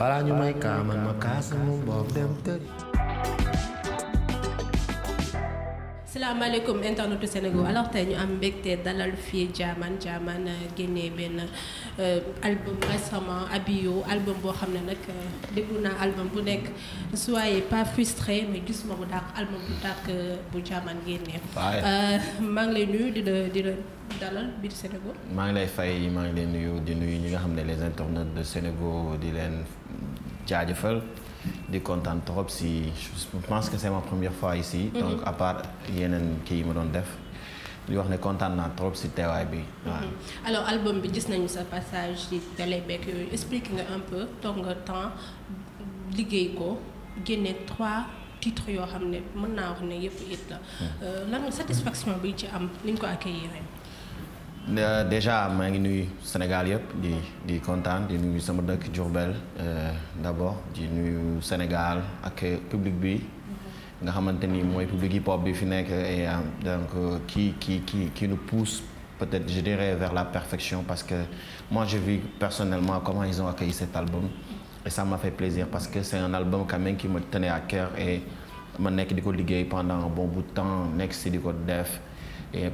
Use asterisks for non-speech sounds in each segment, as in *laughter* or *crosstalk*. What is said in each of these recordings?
balaa ñu may kaa ma kaa sama bopp dem tëri salaamaaleykum internetu Sénégal alors ñu am mbégte dalal fii Jahman Jahman euh, génnee benn euh, album récemment Abiyo album boo xam ne nag euh, déglu naa album bu nekk soyez pas frustré mais gisuma bu dàq album bu dàq bu Jahman génnee maa ngi lay nuyu dalal biir Sénégo. maa ngi lay fay maa ngi lay nuyu di nuyu ñi nga xam ne les internautes de Sénégo di leen jaajëfal di kontaan trop si je que c'est ma première fois ici. Mhm. donc à part yeneen kii yi ma doon def. li wax ne kontaan naa trop ci teewaay bi mhm. waaw. alors album bi gis nañu sa passage ci télé beeg yooyu explique nga un peu toog nga temps liggéey ko génne trois titres yoo xam ne mën naa wax ne yëpp it la mhm. euh, lan satisfaction bi ci am ni ñu ko accueillir Euh, déjà maa ngi nuyu Sénégal yëpp di di kontaan di nuyu sama dëkk Diourbel euh, d'abord di nuyu Sénégal ak public bi nga xamante ni mooy public hip hop bi fi nekk et euh, donc qui qui qui qui nous pousse peut-être je dirais vers la perfection parce que moi j'ai vu personnellement comment ils ont accueilli cet album et ça m'a fait plaisir parce que c'est un album quand même qui me tenait à cœur et ma nekk di ko liggéey pendant un bon bout temps nekk si di ko def.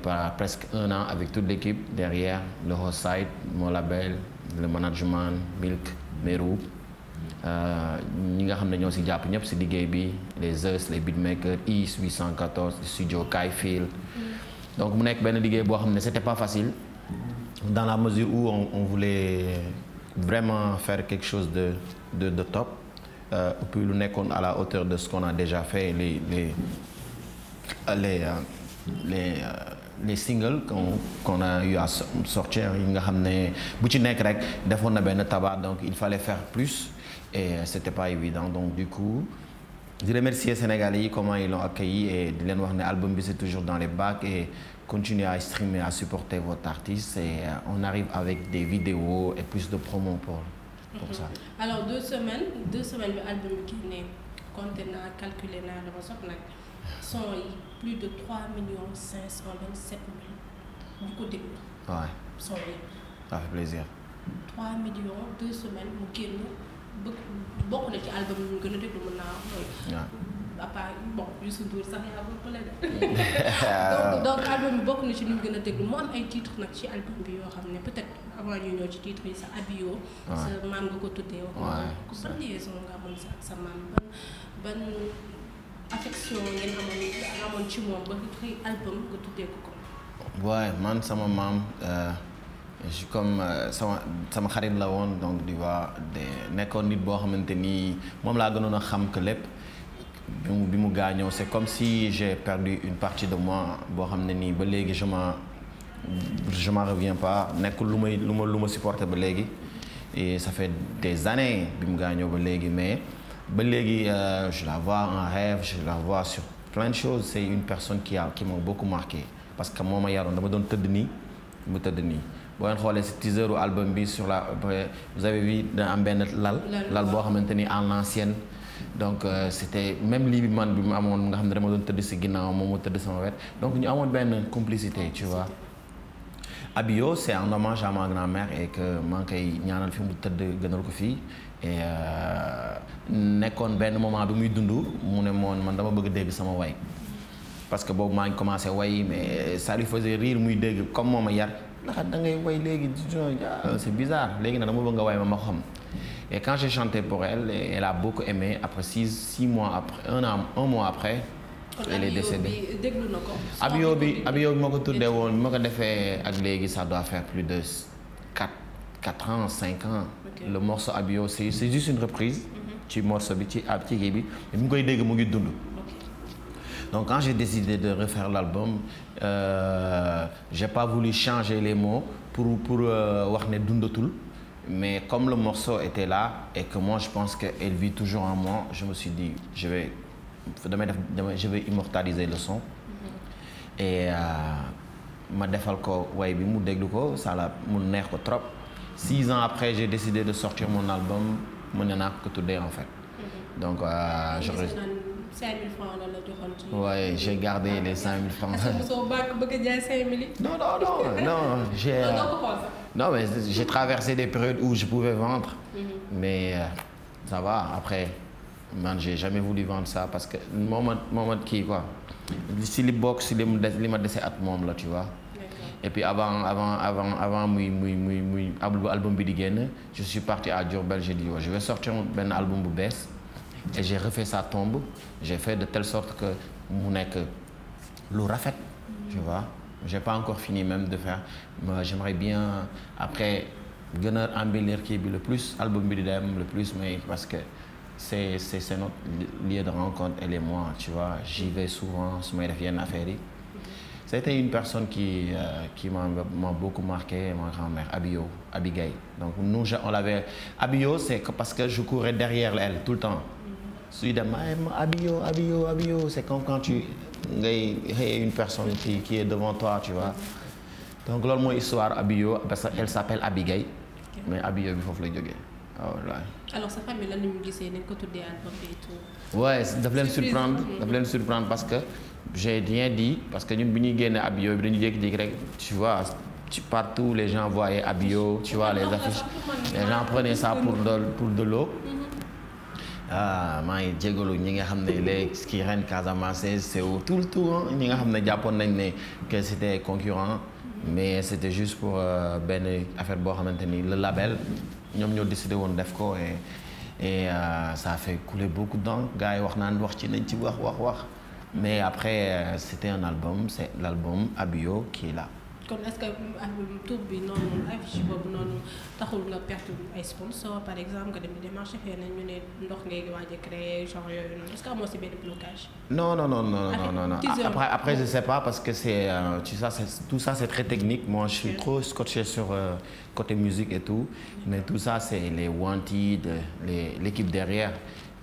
par presque un an avec toute l'équipe derrière le host site, mon label, le management, Milk, Meru. Euh, ñi nga xam ne ñoo si jàpp ñëpp si liggéey bi les Zeus les beatmakers IS 814 studio Kayfield. donc mu nekk benn liggéey boo xam ne c'était pas facile. dans la mesure où on voulait vraiment faire quelque chose de de de top. Euh, puis lu nekkoon à la hauteur de ce qu'on a déjà fait les. Euh, les euh, les singles qu'on qu'on a eu à sortir yi nga xam ne bu ci nekk rek defoon na benn tabac donc il fallait faire plus et euh, c'était pas évident donc du coup di remercier Sénégalais yi comment ils l'ont accueilli et di leen wax ne album bi toujours dans les bacs et continuer à streamer à supporter votre artiste et euh, on arrive avec des vidéos et plus de promos pour mm-hmm. ça. alors deux semaines deux semaines bi album bi génne compté naa calculé naa dama soxla son yi. plus de trois millions cinq cent vingt sept mille ñu ko déglu. waaw son yi. trois millions deux semaines mu génn bëgg bokk na ci album yi gën a déglu mën naa. waaw à part bon Youssou Ndour *laughs* bi bokk na ci ñu gën a déglu mu am ay titres nag ci album bi yoo xam ne peut-être avant ñu ñëw ci titres yi sa Abio. sa maam nga ko tuddee. ku ban liaison nga amoon sa sa maam ban ban. affection ngeen amoon ci moom ba xëy album nga tuddee ko ko. waaye man sama maam euh, je euh, sama sama xarit la woon donc di waa de nekkoon nit boo xamante ni moom laa gënoon a xam que lépp. bi mu bi mu gaañoo c'est comme si j'ai perdu une partie de moi boo xam ne nii ba léegi je m'en je m'en reviens pas nekkul lu may lu ma lu ma supporté ba léegi et ça fait des années bi mu gaañoo ba léegi mais. ba léegi euh, je la vois en rêve je la vois su plein de choses c'est une personne qui ki qui m'a beaucoup marqué parce que moo ma yaroon dama doon tëdd nii mu tëdd nii boo leen xoolee si teaseru album bi sur la sa avez vu dina am benn lal lal boo xamante ni en ancienne donc euh, c'était même lii bi man bi mu amoon nga xam ne dama doon tëdd si ginnaaw moom mu tëdd sama wet donc ñu amoon benn complicité tu vois Abio c'est un hommage à ma grand-mère et ñaanal fi mu tëdd gënal ko fii Euh, nekkoon benn moment bi muy dund mu ne moon man dama bëgg dégg sama way parce que boobu maa ngi commencé way mais ça lui faisait muy dégg comme moom a yar ndax da ngay way léegi euh, c'est bizarre léegi nag dama bëgg nga way ma ma xam et quand j'ai chanté pour elle boo ko emee aimé après six mois après un an un mois après elle est décédée bi abyo bi ma ko tuddee woon bi ma ko defee ak léegi ça doit faire plus de quatre quatre ans cinq ans le morceau Abio c'est c'est une reprise. Mm-hmm. ci morceau bi ci ab ci kii bi mu koy dégg mu ngi dund. donc quand j'ai décidé de refaire l'album euh, j'ai pas voulu changer les mots pour pour euh, wax ne dundatul. mais comme le morceau était là et que moi je pense qu'elle vit toujours en moi je me suis dit je vais def damay je vais immortaliser le son. Mm-hmm. et euh, ma defal ko way bi mu déglu ko ça la mu neex ko trop. six ans après j'ai décidé de sortir mon album mën na naa ko tuddee en fait. Mhm. donc euh, je. j'ai gardé ah, les 5000 francs. est-ce *laughs* non non non euh, j'ai traversé des périodes où je pouvais vendre. Mhm. mais euh, après man j'ai jamais voulu vendre ça parce que moo ma kii quoi si li si mu des li ma dese at moom la tu vois. et puis avant avant avant avant muy muy muy muy album bi di génn je suis parti à Diourbel j'ai dit je vais sortir benn album bu bees et j'ai refait sa tombe j'ai fait de telle sorte que mu nekk lu rafet tu vois j'ai pas encore fini même de faire mais j'aimerais bien après gën a embellir kii bi le plus album bi di dem le plus mais parce que c'est c'est c'est notre lieu de rencontre elle et moi tu vois j'y vais souvent su may def yenn affaires yi C'était une personne qui, euh, qui m'a beaucoup marqué, ma grand-mère, Abio, Abigail. Donc nous, on l'avait... Abio, c'est parce que je courais derrière elle tout le temps. Soudainement, ah, Abio, Abio, Abio, c'est comme quand tu y une personne qui, qui, est devant toi, tu vois. Donc là, mon histoire, Abio, parce qu'elle s'appelle Abigail, mais Abio, il faut que je Alors sa femme, elle a dit, c'est une côte de et tout. waaye daf leen surprendre daf leen surprendre parce que j'ai rien dit parce que ñun bi ñuy génne abio bi dañu jékki-jékki rek tu vois partout les gens voyaient abio tu vois les affiches les gens prenaient ça pour de pour de l'eau mm-hmm. ah maa ngi jégalu ñi nga xam ne les qui règnent Casamance c'est au tout le tour ñi nga xam ne jàppoon nañ ne que c'était concurrent mm-hmm. mais c'était juste pour euh, benn affaire boo xamante ni le label ñoom ñoo décidé woon def ko et euh, ça a fait couler beaucoup d'encre gars yi wax naan wax ci nañ ci wax wax wax mais après euh, c'était un album c'est l'album Abio qui est là kon est-ce que tur bi noonu affiche boobu noonu taxul nga perte ay sponsor par exemple nga dem di démarché fee na ñu ne ndox ngay waaj a créer genre yooyu noonu est-ce que amoo si benn blocage. non non non non non non non après après je sais pas parce que c'est euh, tu sais c'est tout ça c'est très technique moi je suis okay. trop scotché sur euh, côté musique et tout mais tout ça c'est les wanted les l'équipe derrière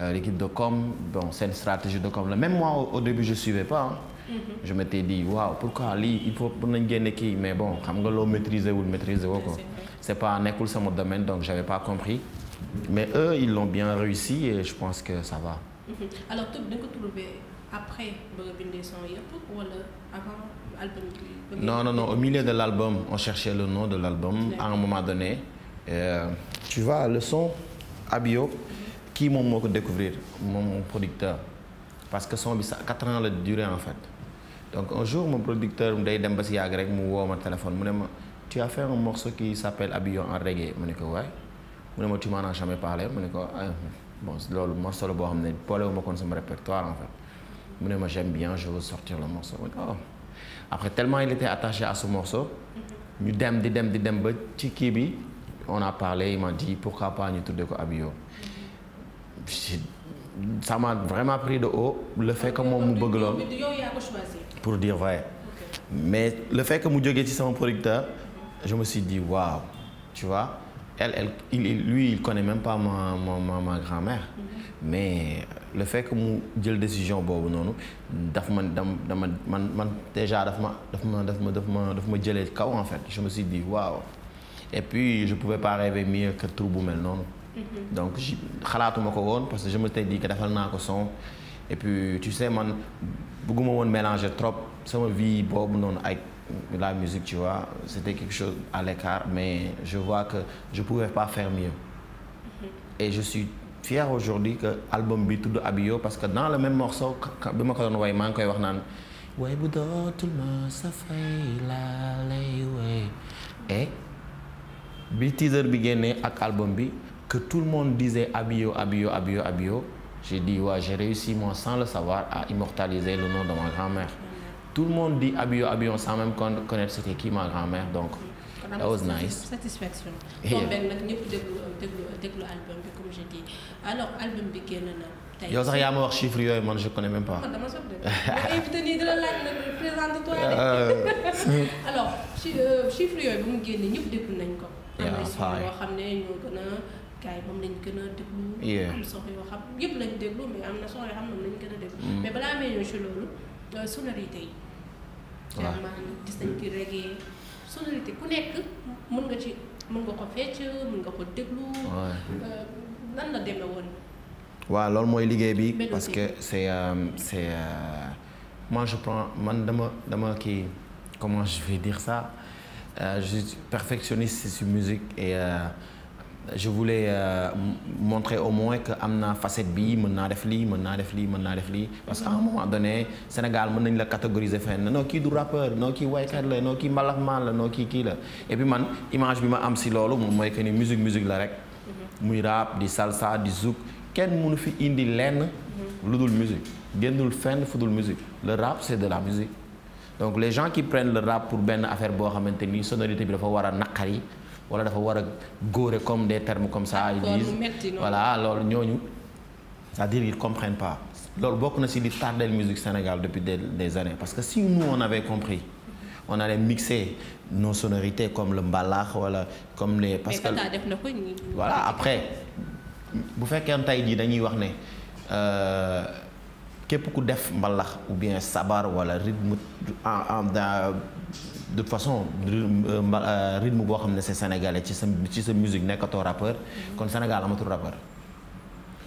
euh, l'équipe de com bon c'est une stratégie de com là même moi au, au début je suivais pas hein. Mhm. je m'étais dit waaw pourquoi lii il faut pour nañ génne kii mais bon xam nga loo maîtriser wul maîtriser woo ko c'est pas nekkul sama domaine donc j'avais pas compris mais eux ils l'ont bien réussi et je pense que ça va mhm. alors non non au milieu de l'album on cherchait le nom de l'album à un moment donné euh, tu vois le son Abio mhm. kii moom moo ko découvrir moom producteur parce que son bi ça quatre ans la durée en fait donc un jour mon producteur mu day dem ba si yàgg rek mu woo ma téléphone mu ne ma tu as fait un morceau qui s'appelle Habillons en reggae mu ne ko waay mu ne ma tu m'en as jamais parlé mu ne ko ah, bon loolu morceau la boo xam ne boolewuma la kon sama répertoire mu ne ma j'aime bien je veux sortir le morceau oh après tellement il était attaché à ce morceau ñu dem di dem di dem ba ci kii bi on a parlé il m'a dit pourquoi pas ñu tuddee ko Habillons ça m'a vraiment pris de haut le fait que moom mu bëgg loolu pour dire vrai mais le fait que mu jógee ci sama producteur je me suis dit waaw tu vois elle elle lui il connaît même pas ma ma grand-mère mm-hmm. mais le fait que mu jël décision boobu noonu daf ma dam dama man man déjà daf ma daf ma daf ma daf ma daf ma jëlee kaw en fait je me suis dit waaw et puis je pouvais pas rêver mieux que tur bu mel noonu Mhm. donc xalaatuma ko woon parce que je me suis dit defal naa ko son et puis tu sais man bëgguma woon mélanger trop sama vi boobu noonu ak la musique tu vois c'était quelque chose à l'écart mais je vois que je pouvais pas faire mieux mhm. et je suis fier aujourd'hui que album bi tudd Abiyo parce que dans le même morceau bi ma ko doon way maa ngi koy wax naan way bu dootul ma sa bi teaser bi génnee ak album bi que tout le monde disait Abio, Abio, Abio, Abio, j'ai dit, ouais, j'ai réussi, moi, sans le savoir, à immortaliser le nom de ma grand-mère. Tout le monde dit Abio, Abio, sans même connaître c'était qui ma grand-mère, donc. That was nice. satisfaction. tombé nag ñëpp déglu déglu album bi comme yow sax yaa ma wax chiffre yooyu man je connais même pas. dama soxla *laughs* mais invité *laughs* *laughs* alors euh, chiffre yooyu bu mu génnee ñëpp déglu nañ ko. am xam ne ñoo gën a. gars yi lañ gën a déglu. am soxla déglu mais am na soxla yoo xam moom lañ gën a déglu. Mm. mais balaa may ñëw ci loolu euh, sonorité yi. sonorité ku nekk mën nga ci mën nga ko fecc mën nga ko déglu. Euh, nan la demee woon. waaw loolu mooy liggéey bi parce que c' est c' est man dama dama kii comment je vais dire ça euh, je suis perfectionniste sur musique et. je voulais euh, montrer au moins que am naa facette bi mën naa def lii mën naa def lii mën naa def lii parce que à un moment donné Sénégal mën nañ la catégoriser fenn noo kii du rappeur noo kii waykat la noo kii mbalaxmaan la noo kii kii la et man image bi ma am si loolu moom mooy que ni musique la rek mhm. muy rap di salsa di zouk kenn mënu fi indi lenn mhm. lu dul musique génnul fenn fu dul musique le rap c'est de la musique donc les gens qui prennent le rap pour benn affaire boo xamante ni sonorité bi dafa war a wala dafa war a góore comme des termes comme ça ils disent voilà loolu ñooñu c'est-à-dire ils comprennent pas loolu bokk na ci li tardel musique Sénégal depuis des des années parce que si nous on avait compris on allait mixer nos sonorités comme le mbalax wala comme les. parce que def na ko après bu fekkee tey jii dañuy wax ne. Euh, képp ku def mbalax ou bien sabar wala rythme en de toute façon euh, euh, rythme boo xam ne c'est sénégalais ci sa ci sa musique nekkatoo rappeur kon Sénégal amatul rappeur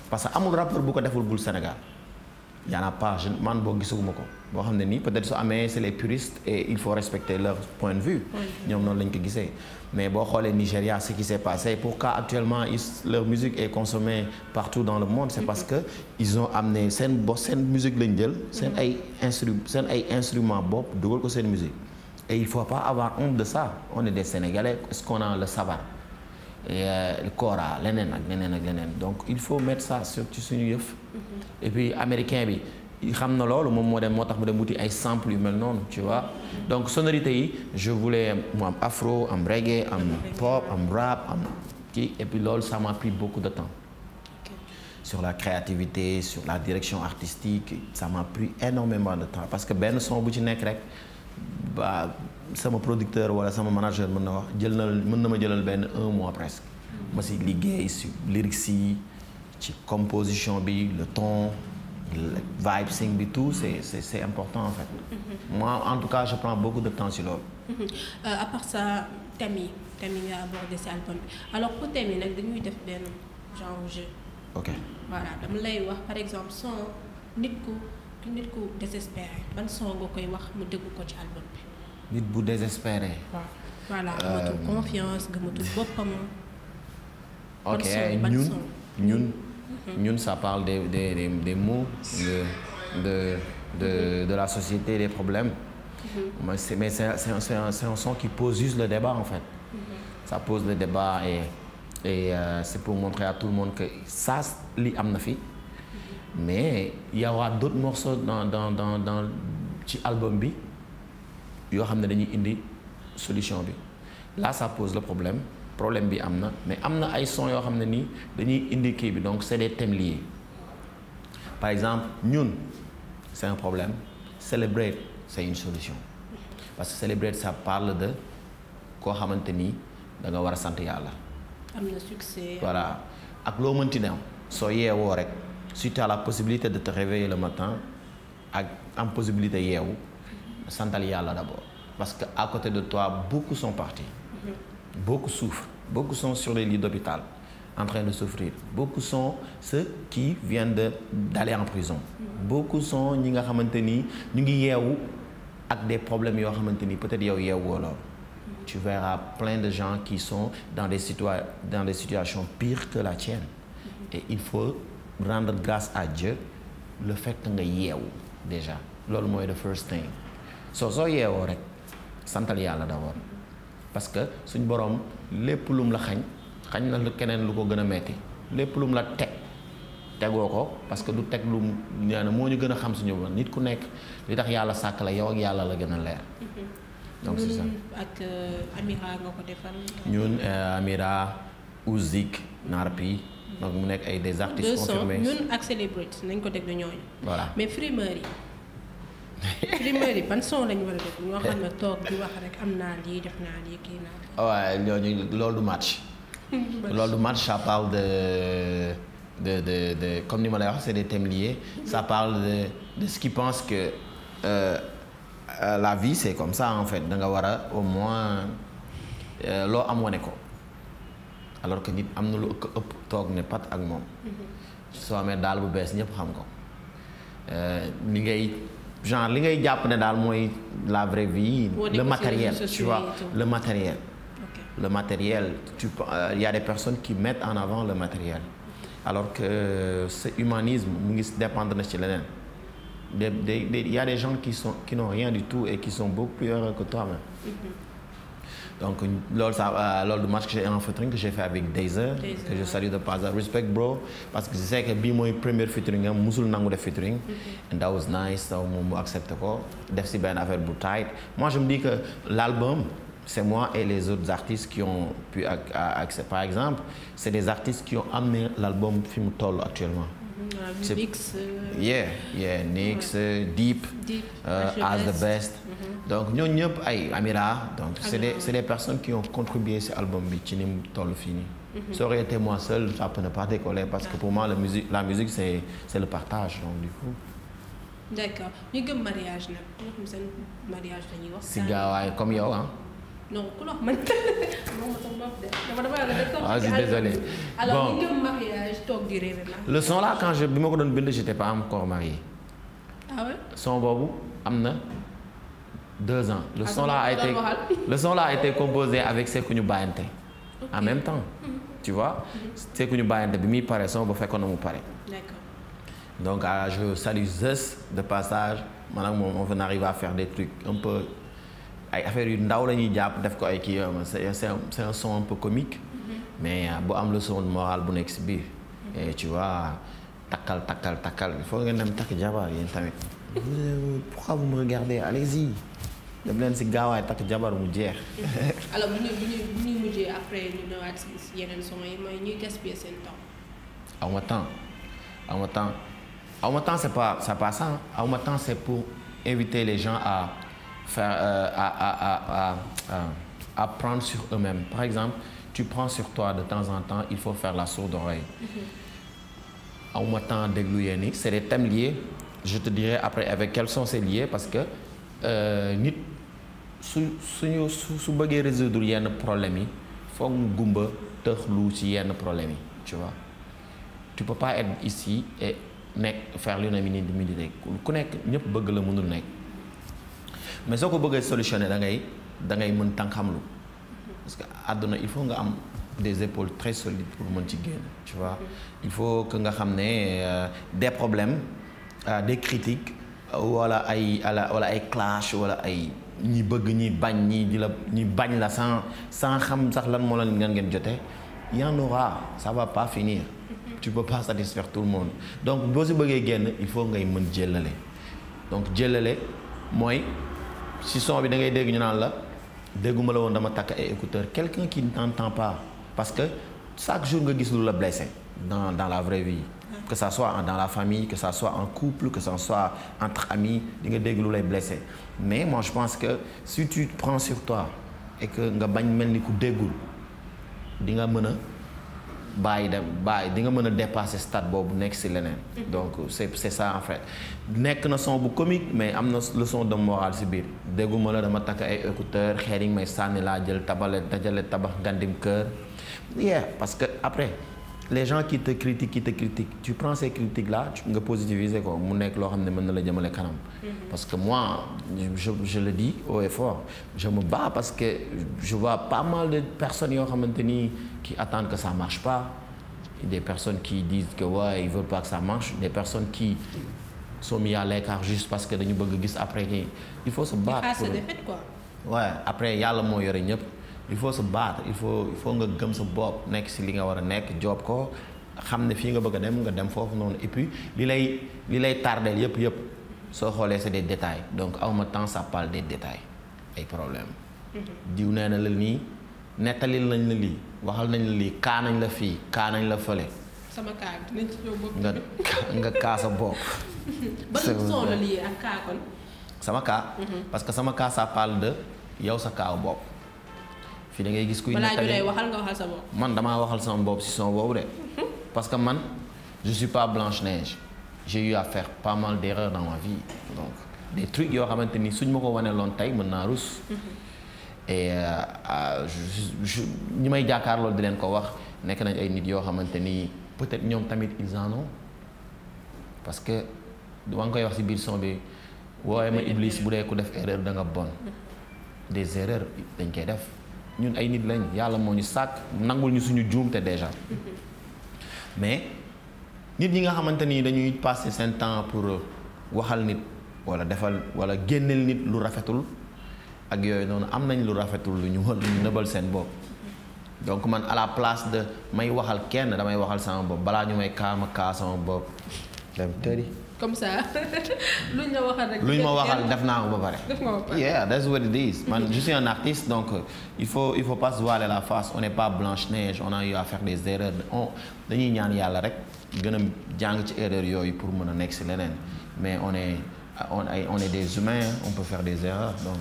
parce que amul rappeur bu ko deful bul Sénégal y en pas je man boo gisaguma ko boo xam ne ni peut-être su amee c'est les puristes et il faut respecter leur point de vue ñoom noonu lañ ko gisee mais boo xoolee Nigeria ce qui s'est passé pourquoi actuellement ils, leur musique est consommée partout dans le monde c'est parce que ils ont amené seen bo seen musique lañ jël seen ay instru seen ay instrument bopp dugal ko seen musique et il faut pas avoir honte de ça on est des Sénégalais est-ce le savoir Euh, Cora leneen ak leneen ak leneen donc il faut mettre ça sur ci suñu yëf. Mm-hmm. et puis américain bi xam na loolu moom moo dem moo tax mu dem wuti ay samples yu mel noonu tu vois. donc sonorité yi je voulais mu am afro am reggae am pop am rap am kii et puis loolu ça m'a pris beaucoup de temps. sur la créativité sur la direction artistique ça m'a pris énormément de temps parce que benn son bu ci nekk rek ba. sama producteur wala sama manager mën na wax jël na mën na ma jëlal benn un mois presque ma si liggéey si lyrics yi ci composition bi le ton le vibe sing bi tout c'est c'est c'est important en fait mm-hmm. moi en tout cas je prends beaucoup de temps si loolu mm-hmm. euh, à part ça thème yi thème yi nga abordé si album bi alors pour thème nag dañuy def benn genre jeu ok voilà dama lay wax par exemple son nit ku nit ku désespéré ban son nga koy wax mu dégg ko ci album bi nit bu désespéré. waaw voilà amatul euh, confiance gëmatul boppam. ok ñun mhm. ñun. ça parle des mots de de de mhm. de la société des problèmes. mais mhm. c'est mais c'est c'est un, un, un son qui pose juste le débat en fait. ça pose le débat et euh, c'est pour montrer à tout le monde que ça li am na fi. mais il y aura d'autres morceaux dans dans dans dans ci album bi. yoo xam ne dañuy indi solution bi là ça pose le problème problème bi am na mais am na ay sons yoo xam ne nii dañuy indi kii bi donc c'est des thèmes liés par exemple ñun c'est un problème célébrer c'est une solution parce que célébrer ça parle de koo xamante nii da war a sant yàlla. am voilà ak loo mënti ne soo yeewoo rek si tu la possibilité de te réveiller le matin ak am possibilité yeewu. santal yàlla d'abord parce que à côté de toi beaucoup son parti mm-hmm. beaucoup souffrent beaucoup son sur les lits d'hôpital en train de souffrir beaucoup sont ceux qui viennent de d'aller en prison mm-hmm. beaucoup sont ñi nga xamante ni ñu ngi yeewu ak des problèmes yoo xamante ni peut-être yow yeewoo loolu mm-hmm. tu verras plein de gens qui son dans des situa dans des situations pires que la tienne et il faut rendre grâce à Dieu le fait que nga yeewu déjà loolu mooy the first thing soo soo yeewoo rek santal yàlla d'abord parce que suñ borom lépp lum la xañ xañ na lu keneen lu ko gën a metti lépp lum la teg tegoo ko parce que du teg lu ñaan moo ñu gën a xam suñu nit ku nekk li tax yàlla sàkk la yow ak yàlla la gën a leer. Mm-hmm. donc c'est ça ak euh, Amira nga ko defal. ñun euh, Amira Ouzik Narpi. donc mu nekk ay des artistes confirmés ñun nañ ko déglu ñooñu. voilà mais primeurs yi. primeurs ban son lañu war a def ñoo xam ne toog di wax rek am naa lii def naa lii kii naa. Ah waaw ñooñu loolu match. loolu match ça parle de de comme ni ma lay wax c'est des thèmes liés. ça parle de ce qui pense que euh, euh, la vie c'est comme ça en fait danga war a au moins euh, loo am wane ko alors que nit am na lu ëpp toog ne pat ak moom. Mhm. soo amee daal bu bees ñëpp xam ko li ngay. genre li ngay jàpp ne daal mooy la vraie vie le matériel tu vois le matériel le matériel tu il y a des personnes qui mettent en avant le matériel alors que euh, ce humanisme mu ngi dépendre na ci leneen des des il y a des gens qui sont qui n'ont rien du tout et qui sont beaucoup plus heureux que toi donc loolu ça euh, loolu du match que j'ai un featuring que j'ai fait avec Dayzer que je salue de passage respect bro parce que je sais que bii mooy première featuring am musul nangu def featuring and that was nice so moom mu accepté ko def si benn affaire bu tight moi je me dis que l'album c'est moi et les autres artistes qui ont pu accès par exemple c'est des artistes qui ont amené l'album fi mu toll actuellement waaw mm, uh, Nix. Uh, yeah Nix mm. uh, Deep. Deep e the Best. Mm-hmm. donc ñooñu ñëpp ay Amira donc c' est des c' est des personnes qui ont contribué si album bi toll fii nii. Mm-hmm. ça aurait été moi seul ça ne pas décoller parce que pour moi la musique la le partage donc du coup. d' comme yow ah. non ku la man je suis désolé alors je bi ma ko doon bind j'étais pas encore marié. Ah son boobu am na deux ans. le ah, son là a été *laughs* le son là a été composé ñu bàyyante. en même temps. Mhm. tu vois mhm. Sékou ñu bàyyante bi muy pare son ba fekkoon na mu pare. d'accord donc ah, je salue de passage man ak moom on va à faire des trucs ay affaires yu ndaw la ñuy jàpp def ko ay kii yoo c'est un son un peu comique mm-hmm. mais euh, bu am leçon de morale bu nekk si biir et tu vois takkal takkal takkal il faut ngeen dem takk jabar yéen tamit *laughs* pourquoi vous leen si gaawaay takk jabar mu jeex *laughs* alors bu ñu bu ñu mooy ñuy gaspiller seen temps aw ma temps aw ma temps aw ma temps c'est pas c'est pour inviter les gens à faire, a a à, a à, prendre sur eux-mêmes. Par exemple, tu prends sur toi de temps en temps, il faut fair la sourde oreille. Mm -hmm. C'est des thèmes liés. Je te dirai après avec quels sont ces liés parce que euh, nit su suñu su su bëggee résoudre yenn problème yi foog mu gumba tëxlu ci yenn problème yi tu vois tu peux pas être ici et nekk faire l'unanimité ku nekk ñëpp bëgg la mënul nekk mais soo ko bëggee solutionner da ngay da ngay mën tànqamlu parce que àdduna il faut nga am des épaules très solides pour mën ci génn tu vois faut nga xam ne euh, des problèmes euh, des critiques wala ay wala ay clash wala ay ñi bëgg ñi bañ ñi di la ñi bañ la sans sans xam sax lan moo la ngeen jotee y en aura ça va pas finir tu peux pas donc boo si bëggee génn il faut ngay mën jëlale donc jëlale mooy si son bi da ngay dégg ñu naan la dégguma la woon dama takk ay écouteur quelqu'un qui ne t'entend pas parce que chaque jour nga gis lu la blessé dans dans la vraie vie que ça soit dans la famille que ça soit en couple que ça soit entre amis di nga dégg lu lay blessé mais moi je pense que si tu te prends sur toi et que nga bañ mel ni ku déggul di nga mën a bàyyi dem bàyyi di nga mën a dépasser stade boobu nekk si leneen mm-hmm. donc c'est ça en fait nekk na son bu comique mais am na leçon de morale si biir dégguma la dama takk ay écouteur xeer yi may sànni laa jël tabale dajale tabax ngandim kër yeah parce que après les gens qui te critiquent qui te critiquent tu prends ces critiques là nga positiviser ko mu nekk loo xam ne mën na la jëmale kanam mm-hmm. parce que moi je je le dis haut et je me baax parce que je vois pas mal de personnes yoo xamante ni qui attendent que ça marche pas des personnes qui disent que ouais ils veulent pas personnes qui sont mis à l'écart juste parce que dañu bëgg gis après ñi il faut se battre pour ouais après moo yore ñëpp il faut se battre il faut il nga gëm sa bopp nekk si li nga war a nekk job ko xam ne fii nga bëgg a dem nga dem foofu noonu et puis li lay li lay tardeel yëpp yëpp soo xoolee c'est des détails donc awma temps ça parle des détails ay problème mm-hmm. diw nee la nii nettalil nañ lii waxal nañ lii kaa nañ la fii kaa nañ la fële sama kaa bi dinañ ci sama kaa. Mhm. parce que sama kaa ça de yow sa kaaw bopp. fii da ngay gis kuy nettali man damaa waxal sama bopp si son boobu de. Mhm. parce que man je suis pas Blanche Neige. j'ai des trucs yoo xamante ni suñ ma ko wanee loon tey mën naa rus. Mhm. et euh, euh, ñi may jàkkaarloo di leen ko wax nekk nañ ay nit yoo xamante nii peut-être ñoom tamit ils en ont parce que waa ngi koy wax ci biir son bi woowee ma Iblis bu dee ku def erreur da nga bon des erreurs dañ koy def ñun ay nit lañ yàlla moo ñu sàkk nangul ñu suñu juumte déjà mais nit ñi nga xamante ni dañuy passer seen temps pour waxal nit wala defal wala génneel nit lu rafetul ak yooyu noonu am nañ lu rafetul lu ñu ñu nëbal seen bopp donc man à la place de may waxal kenn damay waxal sama bopp balaa ñu may kaama kaa sama bopp dem tëri comme ça *laughs* luñ la waxal rek. luñ ma waxal def naa ko ba pare. def nga ba pare yeah that's what it is. man *laughs* je suis un artiste donc il faut il faut pas se voiler la face on n'est pas Blanche-Neige on a eu à faire des erreurs on dañuy ñaan yàlla rek gën a jàng ci erreurs yooyu pour mën a nekk si leneen mais on est on est on est des humains on peut faire des erreurs donc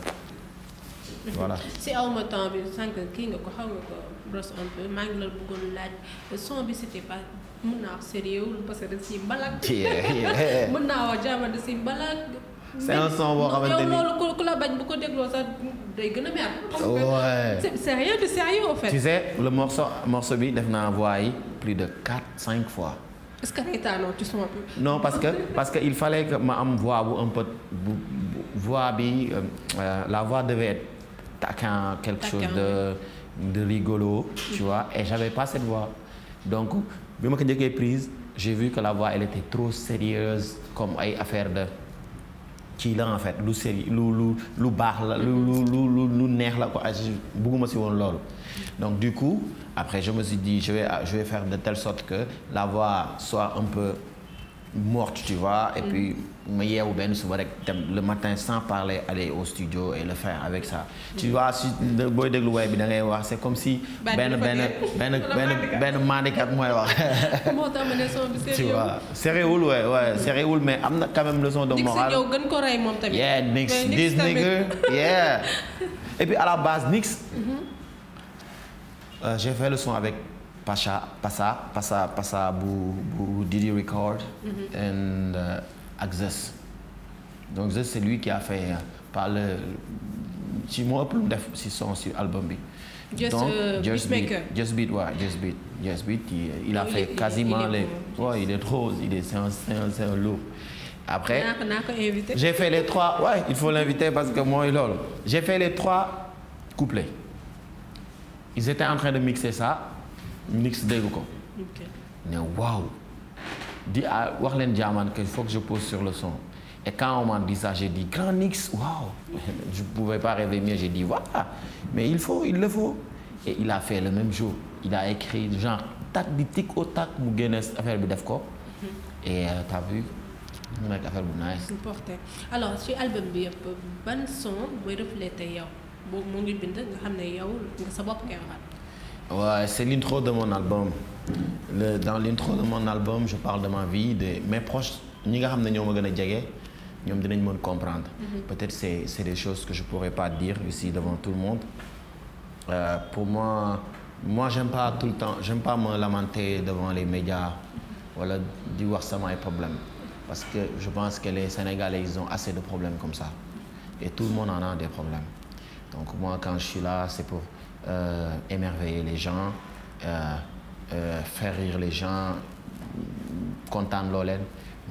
voilà. si aw ma temps bi sànq kii nga ko xaw nga ko. maa ngi la bëggoon laaj son bi c'était pas mën naa wax sérieux parce que da si mbalak *laughs* mën naa wax jaama da si mbalak c'est un son boo xamante ni loolu ku la bañ bu ko dégloo sax day gën a mer c'est rien de sérieux en fait tu sais le morceau morceau bi def naa voix yi plus de quatre cinq fois est-ce que ci son bi non parce que parce que il fallait que ma am voix bu un bu voix bi euh, euh, la voix devait être quelque chose de de rigolo, tu vois, et j'avais pas cette voix. Donc, bi ma ko njëkkee prise, j'ai vu que la voix elle était trop sérieuse comme ay affaire de ci la en fait lu série lu lu lu baax la lu lu lu lu neex la quoi bugguma si woon loolu. Donc du coup, après je me suis dit je vais faire de telle sorte que la voix soit un peu morte tu vois et mm. puis ma yeewu benn suba rek dem le matin sans parler aller au studio et le faire avec ça mm. tu vois si way bi da ngay wax c'est comme si benn benn benn benn benn mandikat mooy wax *laughs* *laughs* tu vois sérieux waay mm. mais am na quand même leçon de morale yeah nix this nigga yeah *laughs* et puis à la base nix mm-hmm. euh, j'ai fait le son avec Pasha Pasa Pasa Pasa bu bu Didi Record. Mhm. and uh, ak Zeus. donc Zeus c'est lui qui a fait euh, par le ëpp lu si son si album bi. donc uh, Just Just Beat il a fait quasiment les il est trop il est un c'est après j'ai fait les trois ouais il faut parce que mooy loolu. j'ai fait en train de mixer ça. Nix dégg ko. ne waaw. di à ah, wax leen jaamaan que il je pose sur le son et quand on m'a dit ça j'ai dit *laughs* je pouvais pas rêver mieux j'ai dit voilà ouais, mais il faut il le faut et il a fait le même jour il a écrit genre tac di tic au tac mu génne affaire bi def ko mhm. et euh, t'as vu mu bi yëpp ban son mooy reflété yow boobu moo ngi bind nga xam ne yow nga sa bopp ngay waxaat. Ouais, c'est l'intro de mon album. Le, dans l'intro de mon album, je parle de ma vie, de mes proches, ñi nga xam ne ñoo ma gën a jege, ñoom dinañ mën comprendre. Mhm. Peut-être c'est c'est des choses que je pourrais pas dire ici devant tout le monde. Euh, pour moi, moi j'aime pas tout le temps, j'aime pas me lamenter devant les médias wala di wax sama ay problèmes parce que je pense que les Sénégalais ils ont assez de problèmes comme ça et tout le monde en a des problèmes. Donc moi quand je suis là, c'est pour euh, émerveiller les gens euh, euh, faire rire les gens kontaan loo leen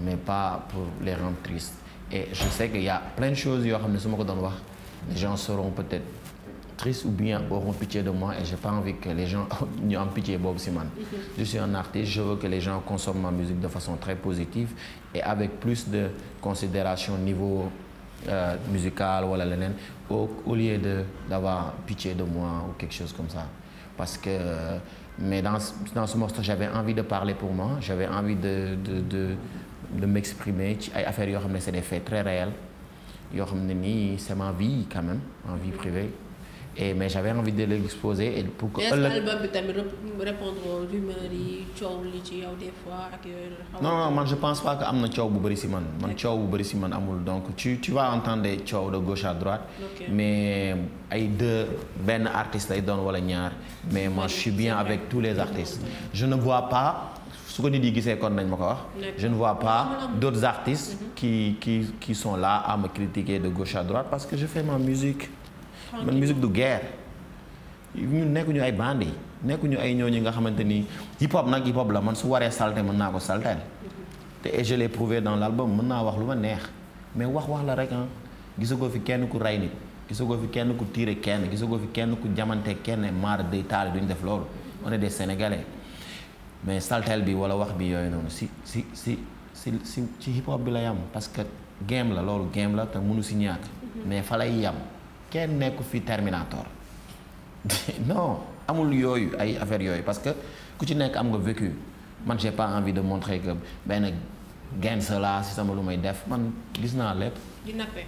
mais pas pour les rendre tristes et je sais que y a plein de choses yoo xam ne su ma ko doon wax les gens seront peut-être tristes ou bien auront pitié de moi et j'ai pas envie que les gens *laughs* ñu am pitié boobu si man je suis un artiste je veux que les gens consomment ma musique de façon très positive et avec plus de considération niveau euh, musical wala leneen au, au lieu d'avoir pitié de moi ou quelque chose comme ça. Parce que, mais dans, dans ce morceau, j'avais envie de parler pour moi, j'avais envie de, de, de, de m'exprimer. C'est des faits très réels. C'est ma vie quand même, ma vie privée. et mais j'avais envie de l'exposer et pour euh, que. ëllëg album bi tamit li ci yow des fois non je pense pas que am na coow bu bëri si man man coow bu bëri si man amul donc tu tu vas entendre coow de gauche à droite. mais ay de benn artiste lay doon wala ñaar mais moi je suis bien avec tous les artistes je ne vois pas. su ko nit yi gisee kon nañ ma ko wax je ne vois pas d'autres artistes mhm. qui qui qui sont là à me critiquer de gauche à droite parce que je fais ma musique man musique du guerre ñun nekkuñu ay bande yi nekkuñu ay ñooñu nga xamante ni hip hop nag hip hop la man su waree salté mën naa ko salteel te et je l'ai prouvé dans l'album mën naa wax lu ma neex mais wax wax la rek ah ko fi kenn ku rey nit ko fi kenn ku tiire kenn gisagoo fi kenn ku jamante kenn maar day taal duñu def loolu on est des sénégalais mais salteel bi wala wax bi yooyu noonu si si si si si ci hip hop bi la yam parce que game la loolu game la te mënu si ñàkk mais fa lay yam. kenn nekku fi terminator *laughs* non amul yooyu ay affaire yooyu parce que ku ci nekk am nga vécu man j'ai pas envie de montrer que benn gens laa si sama lu may def man gis naa lépp. di nappe.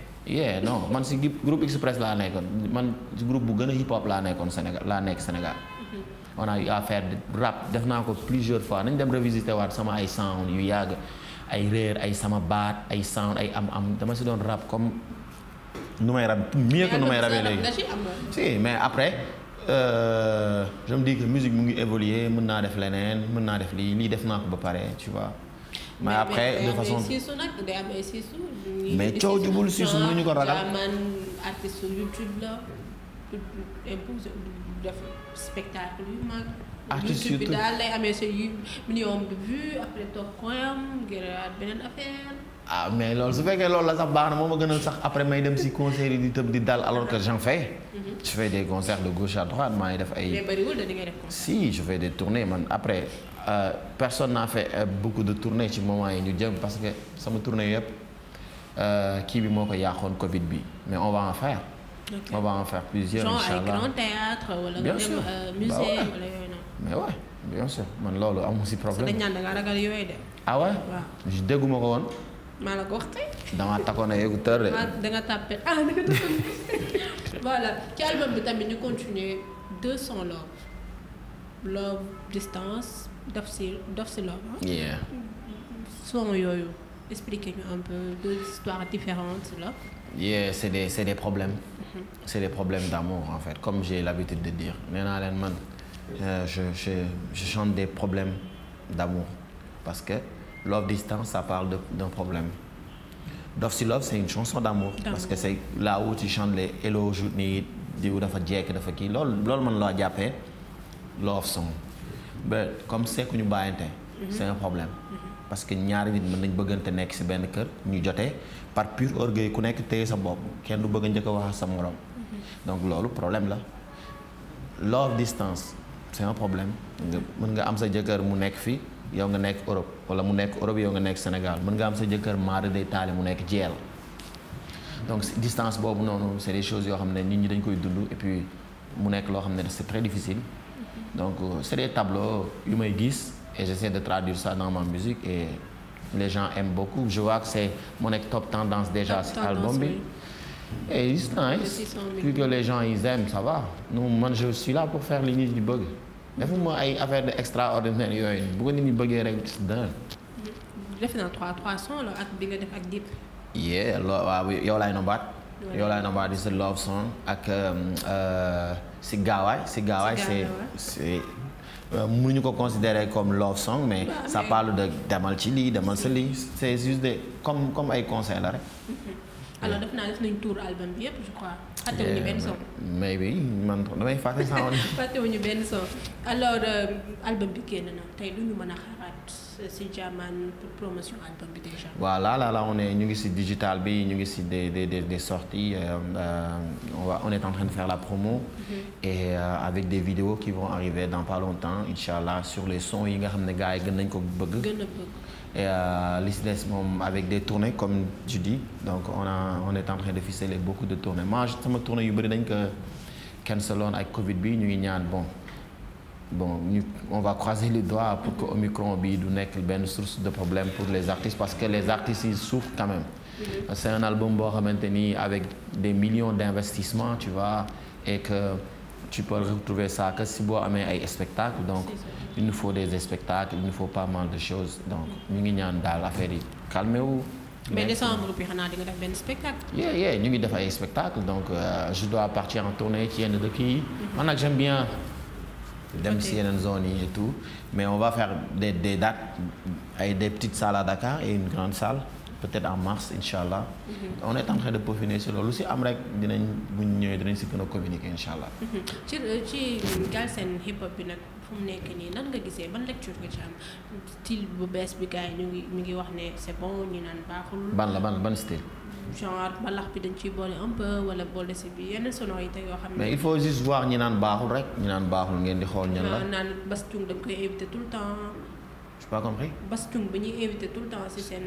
man si groupe express laa nekkoon man si groupe bu gën a hip hop laa nekkoon Sénégal laa nekk Sénégal. Mhm. on a eu affaire rap def naa ko plusieurs fois nañ dem revisité waat sama ay sound yu yàgg ay réer ay sama baat ay sound ay am-am dama si doon rap comme nu may rab mieux que nu may rabee léegi si mais après euh, je mu ngi évoluer mun naa def leneen mën naa def lii lii def naa ko ba pare tu mais après de façon mais coow jubul siisu mënuñu ko ragal artiste YouTube la def spectacle yu mag artiste YouTube bi daal lay amee sa million de vues après toog koyam ngir beneen affaire ah mais loolu su fekkee loolu la sax baax na moo ma gënal sax après may dem si concert yi di tëb di dal alors que j'en fais. Mhm. je fais des concerts de gauche à droite maa ngi def ay. mais bariwul da ngay def si je fais des tournées man après euh, personne n'a fait euh, beaucoup de tournées ci moment yi ñu jëm parce que sama tournée yëpp euh, kii bi moo ko yàqoon Covid bi mais on va en faire. Okay. on va en faire plusieurs incha allah grand théâtre wala bien sûr euh, musée wala bah ouais. yooyu noonu mais ouais bien sûr man loolu amu si problème. dañu naan da nga ragal yooyu de. ah ouais. waaw dégguma ko woon. maa la ko wax tey. damaa écouteur de. da nga tàppe ah da nga voilà ci album bi tamit ñu continuer deux sons love love distance dof si dof si love. yeah. son yooyu expliquer ñu un peu deux histoires différentes là. yeah c'est des c'est des problèmes. Mm-hmm. c'est des problèmes d'amour en fait comme j'ai l'habitude de dire nee naa leen man euh, je je je chante des problèmes d'amour parce que. Love Distance, ça parle d'un problème. Dof si Love, c'est une chanson d'amour. Parce que c'est laa wuti tu chantes les Hello, Journey, diw dafa jekk dafa kii lool loolu man laa jàppee love song. mais comme sekk ñu bàyyante. Mhm. c'est un problème. Mhm. parce que ñaari nit mën nañ bëggante nekk si benn kër ñu jotee par pur orgueil ku nekk téye sa bopp kenn du bëgg njëkk a wax sa morom. Mhm. donc loolu problème la. love distance c'est un problème. nga mën nga am sa jëkkër mu nekk fii. yow nga nekk Europe wala mu nekk Europe yow nga nekk Sénégal mën nga am sa jëkkër maara day taale mu nekk jeel donc distance boobu noonu c'est des choses yoo xam ne nit ñi dañ koy dund e puis mu nekk loo xam ne c'est très difficile donc euh, c'est des tableaux yu may gis et j'essaie de traduire sa dans ma musique et les gens boku beaucoup je vois c'est mu nekk top tendance déjà si album bi et it's nice que les gens ils aiment va non man je suis pour faire li nit ñi bëgg defu ma ay affaire de extraordinaire yooyu bu ko nit ñi bëggee rek ci dara. def na 3 300 la ak bi nga def ak dip. yeah loo waaw yow laay nombaat. yow laay nombaat di sa love song ak um, uh, si gaawaay si gaawaay c'est c'est euh, mënuñu ko considérer comme love song mais ça parle de demal ci lii demal sa lii c'est juste comme comme ay conseils la rek. Mhm. alors def naa def nañ tour album bi yëpp je crois. *laughs* fàttewuñu benn son. mais bi man damay fàtte benn son alors euh, album bi génn na tey lu ñu mën a xaaraat euh, si jaamaan promotion album bi déjà. waaw là là là ñu ngi si digital bi ñu ngi si des des des euh, on va en train de faire la promo. Mm-hmm. et avec des vidéos qui vont arriver dans pas longtemps incha allah sur les sons yi nga xam ne gars yi gën nañ ko bëgg. bëgg. et euh, li si des moom avec des tournées comme je dis donc on a on est en train de ficeler beaucoup de tournées moi sama tournées yu bëri dañ ko canceloon ak Covid bi ñu ngi ñaan bon bon ñu on va croiser les doigts pour que Omicron bi du nekk benn source de problème pour les artistes parce que les artistes ils souffrent quand même. c'est un album boo xamante ni avec des millions d'investissements tu vois et que. tu peux retrouver ça que si boo amee ay spectacle donc il nous faut des spectacles il nous faut pas mal de choses donc ñu ngi ñaan daal affaire yi calmé wu. mais décembre bi xanaa di ñu ngi def ay spectacle donc euh, je dois partir en tournée ci yenn dëkk yi. Mhm. man nag j'aime bien. dem si yeneen zone yi et tout mais on va faire des des dates ay des petites salles à Dakar et une grande salle. peut-être en mars incha allah. Mm-hmm. on est en train de peaufiner si loolu si am rek dinañ bu ñu ñëwee dinañ si gën a communiquer incha allah. Mm-hmm. ci euh, ci Galsen hip hop bi nag fu mu nekk nii nan nga gisee ban lecture nga ci am style bu bees bi gars yi ñu ngi mu ngi wax ne c'est bon ñu naan baaxul. ban la ban ban style. genre mbalax bi dañ ciy boole un peu wala boole si bi yenn sonorité yoo xam ne. mais il faut juste voir ñi naan baaxul rek ñi naan baaxul ngeen di xool. ñan la naan Bass Thioung dañ le temps. j'ai pas compris. Bass tout le temps si seen.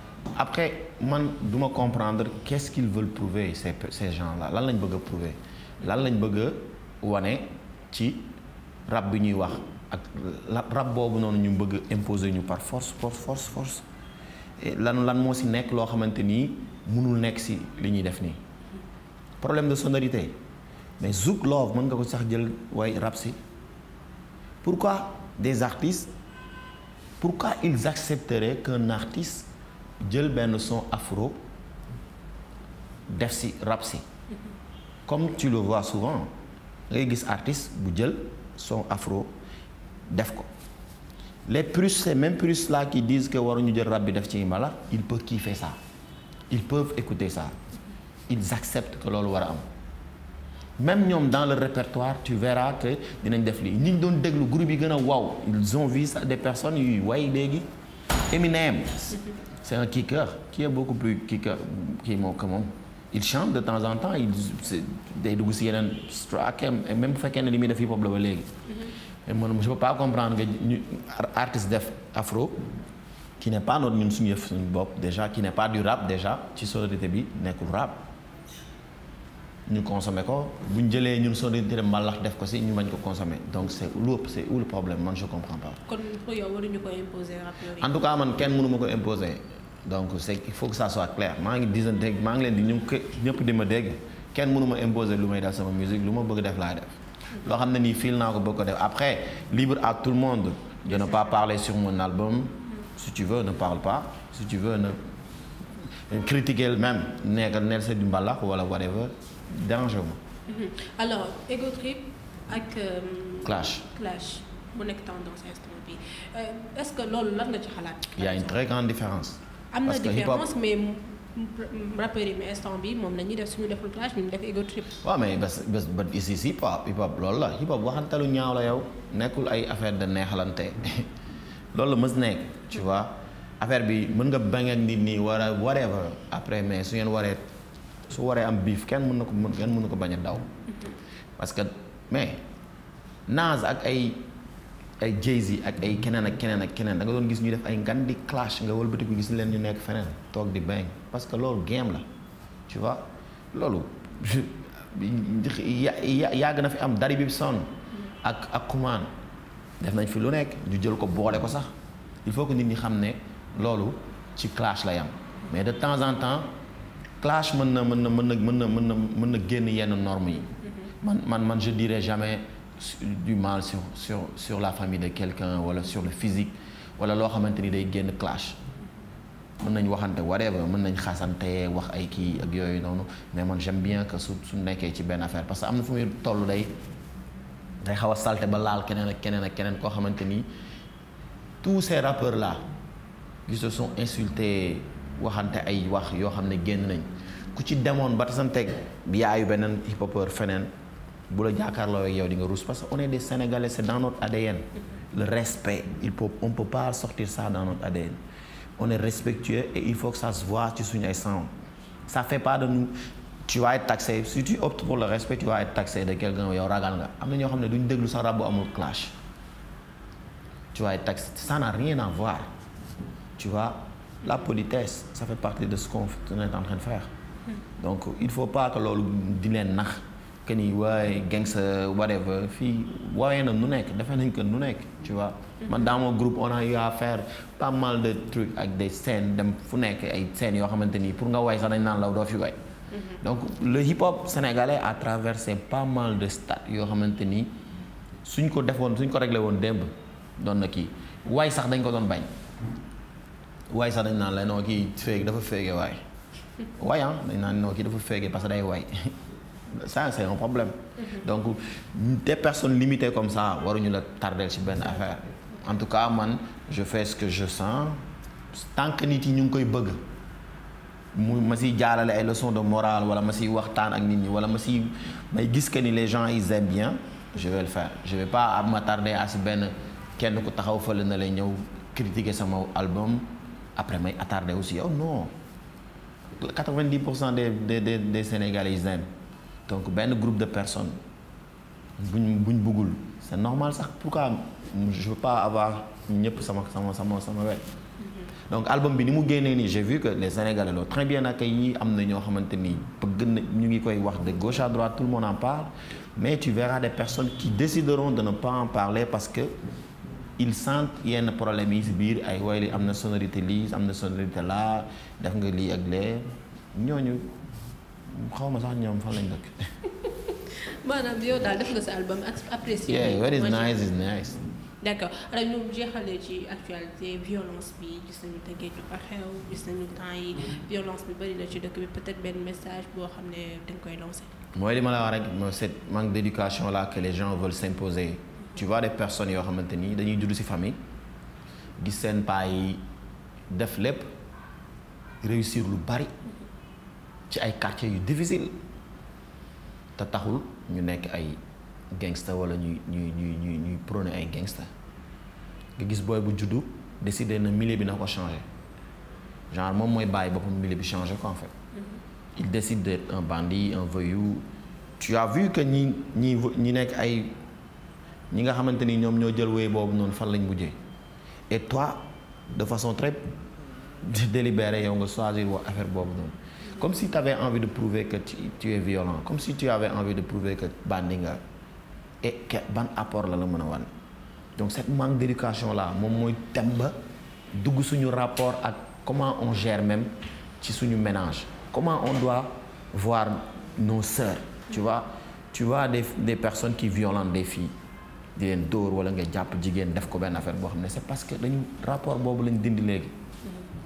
après man du ma comprendre qu'est-ce qu'ils veulent prouver ces ces gens-là lan lañ bëgg a prouver lan lañ bëgg a wane ci rab bi ñuy wax ak rab boobu noonu ñu bëgg imposer ñu par force par force force lan lan moo si nekk loo xamante ni mënul nekk si li ñuy def nii problème de sonorité mais Zouk Love mën nga ko sax jël way rap si pourquoi des artistes pourquoi ils accepteraient qu'un artiste jël benn son afro def si rab si comme tu le vois souvent ngay gis artiste bu jël son afro def ko les Russes même mêmes la là qui disent que ñu jël rab bi def ci mala ils peuvent kiffer ça il peuvent écouter ça il acceptent que loolu war a am même ñoom dans le répertoire tu verras que dinañ def lii ñu doon déglu groupe yi gën a wow ils ont vu ça des personnes yuy way léegi Eminem c'est un kicker qui est beaucoup plus kicker kii moom que moom il chante de temps en temps il day dugg si yeneen track et même bu fekkee ne li muy def hip-hop la ba léegi. man je peux pas comprendre nga ñu artiste def afro. qui n'est ñun suñu yëf suñu bopp déjà qui n'est pas du rap déjà ci sonorité bi nekkul rap ñu consommer ko bu ñu jëlee ñun sonorité mbalax def ko si ñu bañ ko consommer donc c'est où c'est où le problème man je comprends pas. en tout cas man kenn mënuma ko imposer donc c'est il faut que ça clair maa ngi disante maa ngi leen di ñu ñëpp di ma dégg kenn mënu ma lu may def sama musique lu ma bëgg def laay def loo xam ne nii fil naa ko bëgg ko def après libre à tout le monde de ne pas parler sur mon album si tu veux ne parle pas si tu veux ne critiquer même nekk neel di mbalax wala whatever danger ma mm-hmm. alors Ego ak euh, Clash Clash mu nekk tendance instant euh, est-ce que loolu lan nga ci xalaat il y a différence am na différence mais rappeurs moom la ñuy def suñu deful clash ñu def ego trip. waaw mais bés bés ba ici si hip hop hip hop loolu la hip hop waxantelu ñaaw la yow nekkul ay affaire de neexalante *laughs* loolu la mës nekk tu vois affaire bi mën nga bañ ak nit nii war a whatever après mais su ngeen waree su waree am biif kenn mën na ko mën kenn mën na ko bañ a daw mm-hmm. parce mais Nas ak ay. ay jay yi ak ay keneen ak keneen ak keneen da nga doon gis ñu def ay ngan di clash nga wëlbati ko gis leen ñu nekk feneen toog di bang parce que loolu game la tu vois loolu yàgg na fi am dari bi sonn ak ak command def nañ fi lu nekk ñu jël ko boole ko sax il faut que nit ñi xam ne loolu ci clash lay am mais de temps en temps clash mën na mën na mën na mën na mën na mën na génn yenn normes yi mm-hmm. man man man je dirais jamais du mal sur sur sur la famille de quelqu'un wala sur le physique wala loo xamante ni day génn clash mën nañ waxante whatever mën nañ xasante wax ay kii ak yooyu noonu mais man j'aime bien que su su nekkee ci benn affaire parce que am na fu muy toll day day xaw a salte ba laal keneen ak keneen ak keneen koo xamante ni tous ces rappeurs là qui se sont waxante ay wax yoo xam ne génn nañ ku ci demoon ba tasanteeg yaayu beneen hip-hopeur feneen bu la jàkkaarloo ak yow di nga ruus parce que on est des sénégalais c' est dans notre ADN. le respect il peut on peut pas sortir ça dans notre ADN. on est respectueux et il faut que ça se ci suñu ay sang. ça fait pas de nous tu vas être taxé si pour le respect tu vas être taxé de quelqu'un yow ragal nga am na ñoo xam ne duñ déglu sa rab bu amul clash. tu vas être taxé ça n'a rien à voir tu vois la politesse ça fait partie de ce qu'on est en train de hmm. il faut pas que di leen nax. que ni waaye gangster whatever fii waaye na nu nekk defe nañ que nu nekk ci waa man dans group groupe on faire pas mal de trucs ak des scènes dem fu nekk ay scènes yoo xamante ni pour nga way sax dañ naan la doo fi way. Mhm. donc le hip hop sénégalais a traversé pas mal yoo xamante ni suñ ko defoon suñ ko réglé woon démb doon na kii waay sax dañ ko doon bañ. waay sax dañ naan la non kii féeg dafa féege waay *laughs* waaye ah dañ naan non kii dafa féege parce que day waay. *laughs* ça c'est un problème. donc des personnes limitées comme ça waruñu la tardel ci benn affaire en tout cas man je fais ce que je sens tant que nit yi ñu ngi koy bëgg. mu ma siy jaarale ay leçons de morale wala ma siy waxtaan ak nit ñi wala ma siy may gis que ni les gens ils aiment bien je vais le faire je vais pas m'attarder à si benn kenn ku taxaw fële na lay ñëw critiquer sama album après may attardé aussi yow oh non 90 pour cent des des des donc benn groupe de personnes buñ buñ buggul c'est normal sax pourquoi je veux pas avoir ñëpp sama sama sama sama wet donc album bi ni mu génnee nii j'ai vu que les Sénégalais l'ont très bien accueilli am na ñoo xamante ni bëgg na ñu ngi koy wax de gauche à droite tout le monde en parle mais tu verras des personnes qui décideront de ne pas en parler parce que ils sentent yenn problème yi si biir ay way am na sonorité lii am na sonorité laa def nga lii ak lee ñooñu xaw ma sax ñoom fan lañ dëkk. maanaam yow daal def nga sa album apprécié. yeah what is nice is nice. d' accord alors ñu jeexalee ci actualité violence bi gis nañu tëggee ju fa xew gis nañu temps violence bi bëri na ci dëkk bi peut-être benn message boo xam ne dañ koy lancer. mooy li ma la wax rek mooy cette manque d' éducation là que les gens veulent s'imposer tu vois des personnes yoo xamante nii dañuy judd ci famille gis seen paa yi def lépp réussir lu bari. ci ay quartiers yu difficile te taxul ñu nekk ay gangster wala ñuy ñuy ñuy ñuy ñuy prôné ay gangster nga gis booy bu juddu décidé na milieu bi na ko changé genre moom mooy bàyyi boppam milieu bi changé ko en fait mm-hmm. il décide d'être un bandit un voyou tu as que ñi ñi ñi nekk ay ñi nga xamante ni ñoom ñoo jël wéy boobu noonu fan lañ mujjee et toi de façon très délibérée yow nga choisir woo affaire boobu noonu comme si tu avais envie de prouver que tu, tu violent comme si tu avais envie de prouver que bandi nga et ban apport la la mën a wan donc cette manque d'éducation là moom mooy thème ba dugg suñu rapport ak comment on gère ci suñu ménage comment on doit voir nos sœurs tu vois tu vois des des personnes qui violentent des filles di leen dóor wala nga jàpp jigéen def ko benn affaire boo xam ne c'est parce que dañu rapport boobu lañ dindi léegi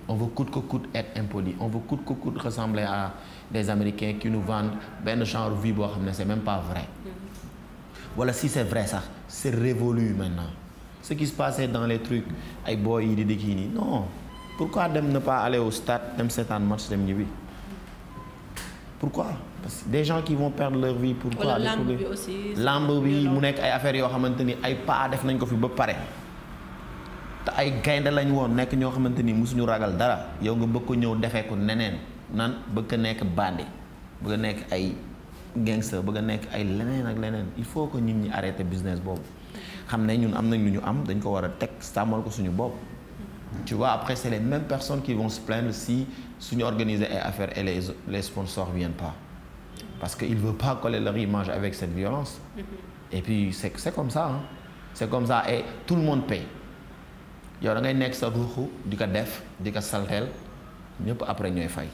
on veut coûte que coûte être impoli on veut coûte que coûte ressembler à des américains qui nous vendent benn genre vie boo xam ne c'est même pas vrai wala voilà, si c'est vrai sax c'est révolu maintenant ce qui se passait dans les trucs ay boy yi di dikii nii non pourquoi dem na pas aller au stade dem en match dem ñibbi pourquoi parce que des gens qui vont perdre leur vie pourquoi lamb bi mu nekk ay affaire yoo xamante ni ay pas def nañ ko fi ba pare te ay gaynde lañ woon nekk ñoo xamante ni mosuñu ragal dara yow nga bëgg ko ñëw defee ko neneen nan bëgg a nekk bandi bëgg a nekk ay gangster bëgg a nekk ay leneen ak leneen il faut que nit ñi arrêté business boobu xam ne ñun am nañ lu ñu am dañ ko war a teg sàmmal ko suñu bopp. ci waa après c'est les mêmes personnes qui vont se si suñu organiser ay affaires et les les sponsors viennent pas parce que il veut pas coller leur image avec cette violence. Mm-hmm. et puis c'est c'est comme ça tout le monde paye. yow da ngay nekk sa ruuxu di ko def di ko salteel ñëpp après ñooy fay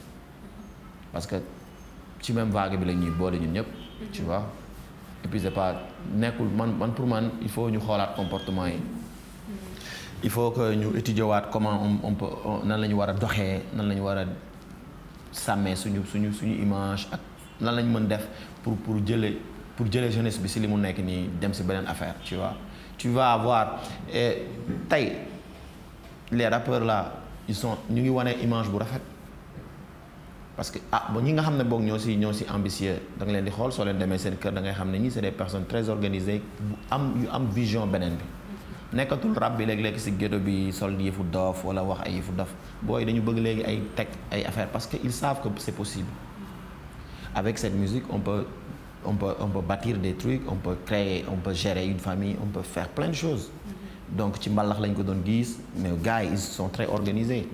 parce que ci même vague bi la ñuy boole ñun ñëpp tu mhm. vois et nekkul man man pour man il faut ñu xoolaat comportement yi mhm. il faut que ñu étudier waat comment on on peut nan la war a doxee nan la ñu war a sàmmee suñu suñu suñu image ak nan la mën def pour pour jële pour jëlee jeunesse bi si li mu nekk nii dem si beneen affaire tu vois tu vas avoir eh, tey les rappeurs là ils sont ñu ngi wane image bu rafet parce que ah ba ñi nga xam ne boog ñoo si ñoo si ambitieux da nga leen di xool soo leen demee seen kër da xam ne ñii c'est des personnes très organisées bu am yu am vision beneen bi nekkatul rab bi léeg-léeg si ghetto bi sol yëfu doof wala wax ay yëfu doof booy dañu bëgg léegi ay teg ay affaire parce que il savent que c'est possible avec cette musique on peut on peut on peut bâtir des trucs on peut créer on peut gérer une famille on peut faire donc ci mbalax lañ ko doon gis mais gars yi ils sont organisés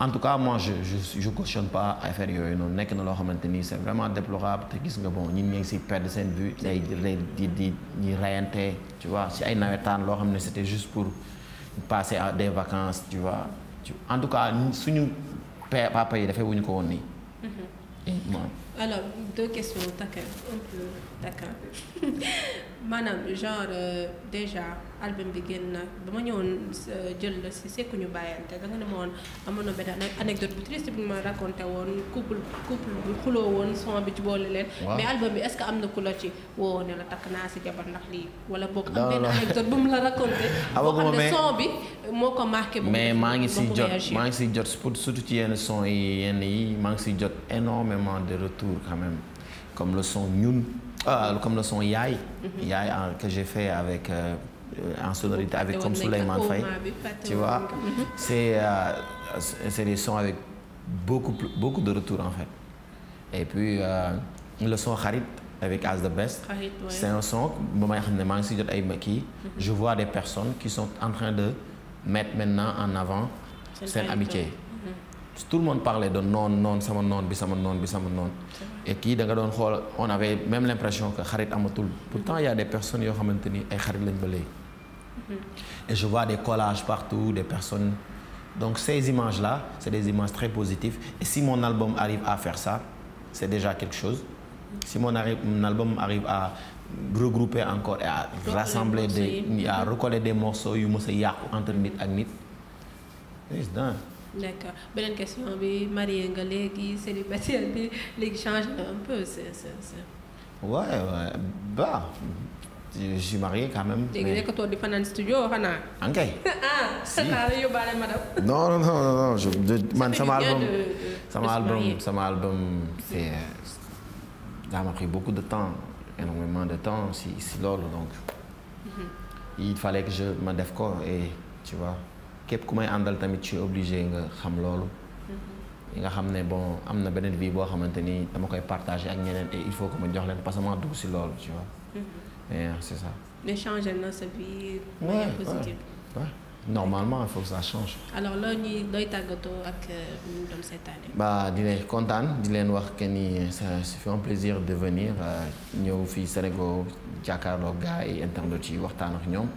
en tout cas moi je je je cautionne pas affaire yooyu noonu nekk na loo xamante ni c'est vraiment déplorable te gis nga bon ñun ñu ngi si perdre seen vue day di di ñi rayante tu vois si ay nawetaan loo xam ne c'était juste pour passer à des vacances tu vois en tout cas suñu papa yi dafay wuñu ko woon nii. Mm-hmm. alors *laughs* maanaam genre euh, déjà album bi génn nag ba ma ñëwoon euh, jël la si sekkuñu bàyyante da nga ne ma woon amoon na benn anecdote bu triste bi ma raconté woon couple couple bi xuloo woon son bi ci boole leen. mais album bi est-ce que am na ku la ci woo ne la takk naa si jabar ndax lii. wala boog am benn anecdote bu mu la raconté. *laughs* boo xam ne son bi moo ko marqué. bu mais maa ngi si jot maa ngi si jot surtout ci yenn son yi yenn yi maa ngi si jot énormément de retour quand même. comme le son ñun euh, comme le son yaay. Mhm. yaay que j'ai fait avec euh, euh en sonorité avec comme Souleymane Faye tu vois mhm. euh, c'est c'est des sons avec beaucoup beaucoup de retours en fait et puis euh, le son xarit avec As the Best. Ouais. c'est un son ba may xam ne maa ngi si jot ay kii. Mhm. je vois des personnes qui sont en train de mettre maintenant en avant seen amitié. tout le monde parlait de noon noon sama noon bi sama noon bi sama noon et kii da nga doon xool on avait même l'impression que xarit amatul pourtant y a des personnes yoo xamante ni ay xarit lañ ba léegi mm-hmm. et je vois des collages partout des personnes donc ces images là c'est des images très positives et si mon album arrive à faire ça c'est déjà quelque chose si mon, arri mon album arrive à regrouper encore et à rassembler des à recoller des morceaux yu mës a yàqu entre nit ak nit d'accord beneen question bi marié nga léegi célibataire bi léegi change na un peu c'est c'est ouais ouais bah je suis marié quand même. léegi nekkatoo di fanaan studio xanaa. ok *laughs* ah. si xanaa la yóbbaale madame. non non non non je man sama album sama album sama album c'est ça m'a pris beaucoup de temps énormément de temps si si loolu donc. Mm-hmm. il fallait que je ma def ko et tu vois. képp ku may àndal tamit ci obligé nga xam loolu. yi mhm. nga xam ne bon am na beneen vie boo xamante ni dama koy partager ak ñeneen il faut que ma jox leen parce que ma dugg si loolu tu vois. Mhm. Eh, ça. mais changé na sa vie. waaw positive normalement il faut que ça change. alors looy tàggatoo ak euh, ñu doon seetaane. ba di leen kontaan di leen wax que ni euh, ça fait un plaisir de venir euh, ñëw fii Sénégal jàkkaarloo gars yi internet yi waxtaan ak ñoom.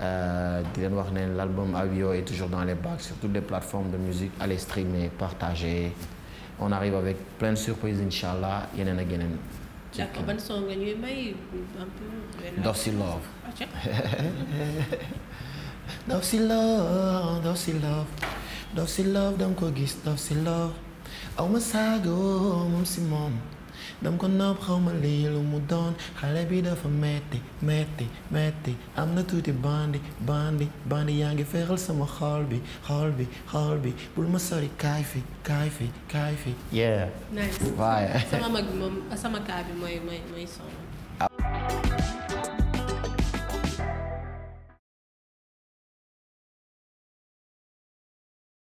Euh, di leen wax ne l'album Avio est toujours dans les bacs sur toutes les plateformes de musique allez streamer partagez on arrive avec plein de surprises incha allah yeneen a yeneen. d'accord ban son nga ñuy may un peu. Euh, dox love. Ah, *laughs* dox love dox love dox love da love ma saagoo dam ko noob xaw ma lii lu mu doon xale bi dafa metti metti metti am na tuuti bandi bandi bandi yaa ngi feexal sama xool bi xool bi xool bi bul ma sori kaay fi kaay fi kaay fi sama mag moom sama kaa mooy mooy mooy